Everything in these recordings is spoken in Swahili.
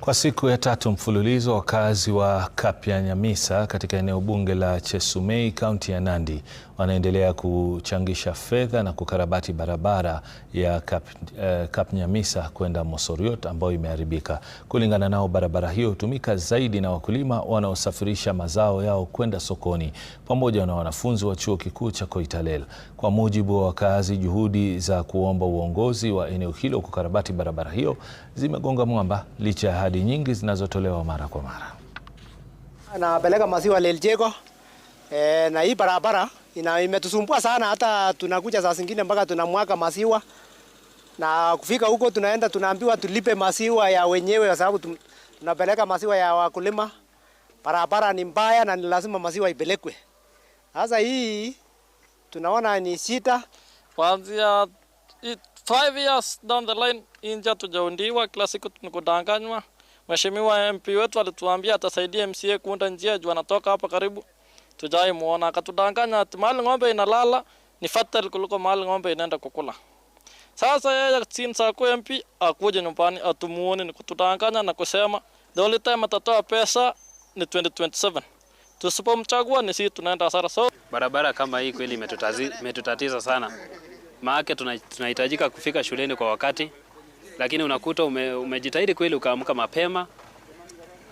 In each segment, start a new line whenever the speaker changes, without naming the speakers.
Kwa siku ya tatu mfululizo, wakazi wa Kapyanyamisa katika eneo bunge la Chesumei, kaunti ya Nandi, wanaendelea kuchangisha fedha na kukarabati barabara ya Kap, eh, Kapyanyamisa kwenda Mosoriot ambayo imeharibika. Kulingana nao, barabara hiyo hutumika zaidi na wakulima wanaosafirisha mazao yao kwenda sokoni pamoja na wanafunzi wa chuo kikuu cha Koitalel. Kwa mujibu wa wakazi, juhudi za kuomba uongozi wa eneo hilo kukarabati barabara hiyo zimegonga mwamba licha ya ahadi nyingi zinazotolewa mara kwa mara.
Anapeleka maziwa Leljego e, eh, na hii barabara ina imetusumbua sana, hata tunakuja saa zingine mpaka tunamwaga maziwa na kufika huko tunaenda tunaambiwa tulipe maziwa ya wenyewe, kwa sababu tunapeleka maziwa ya wakulima. Barabara ni mbaya na ni lazima maziwa ipelekwe. Sasa hii tunaona ni shida.
Kuanzia five years down the line inja tujaundiwa, kila siku tunakudanganywa. Mheshimiwa MP wetu alituambia atasaidia MCA kuunda njia juu anatoka hapa karibu. Tujai muona akatudanganya ati mahali ng'ombe inalala ni fatal kuliko mahali ng'ombe inaenda kukula. Sasa yeye since akuwe MP akuje nyumbani atumuone ni kutudanganya na kusema the only time atatoa pesa ni 2027. Tusipomchagua ni sisi tunaenda hasara. So
barabara kama hii kweli imetutatiza sana, maana tunahitajika kufika shuleni kwa wakati lakini unakuta ume, umejitahidi kweli ukaamka mapema,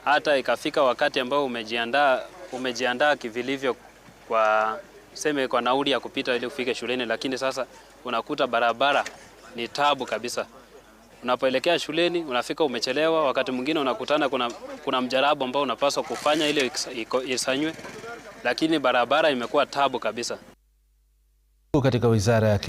hata ikafika wakati ambao umejiandaa umejiandaa kivilivyo kwa seme kwa nauli ya kupita ili ufike shuleni, lakini sasa unakuta barabara ni tabu kabisa. Unapoelekea shuleni unafika umechelewa, wakati mwingine unakutana kuna, kuna mjarabu ambao unapaswa kufanya ili isanywe, lakini barabara imekuwa tabu kabisa katika wizara ya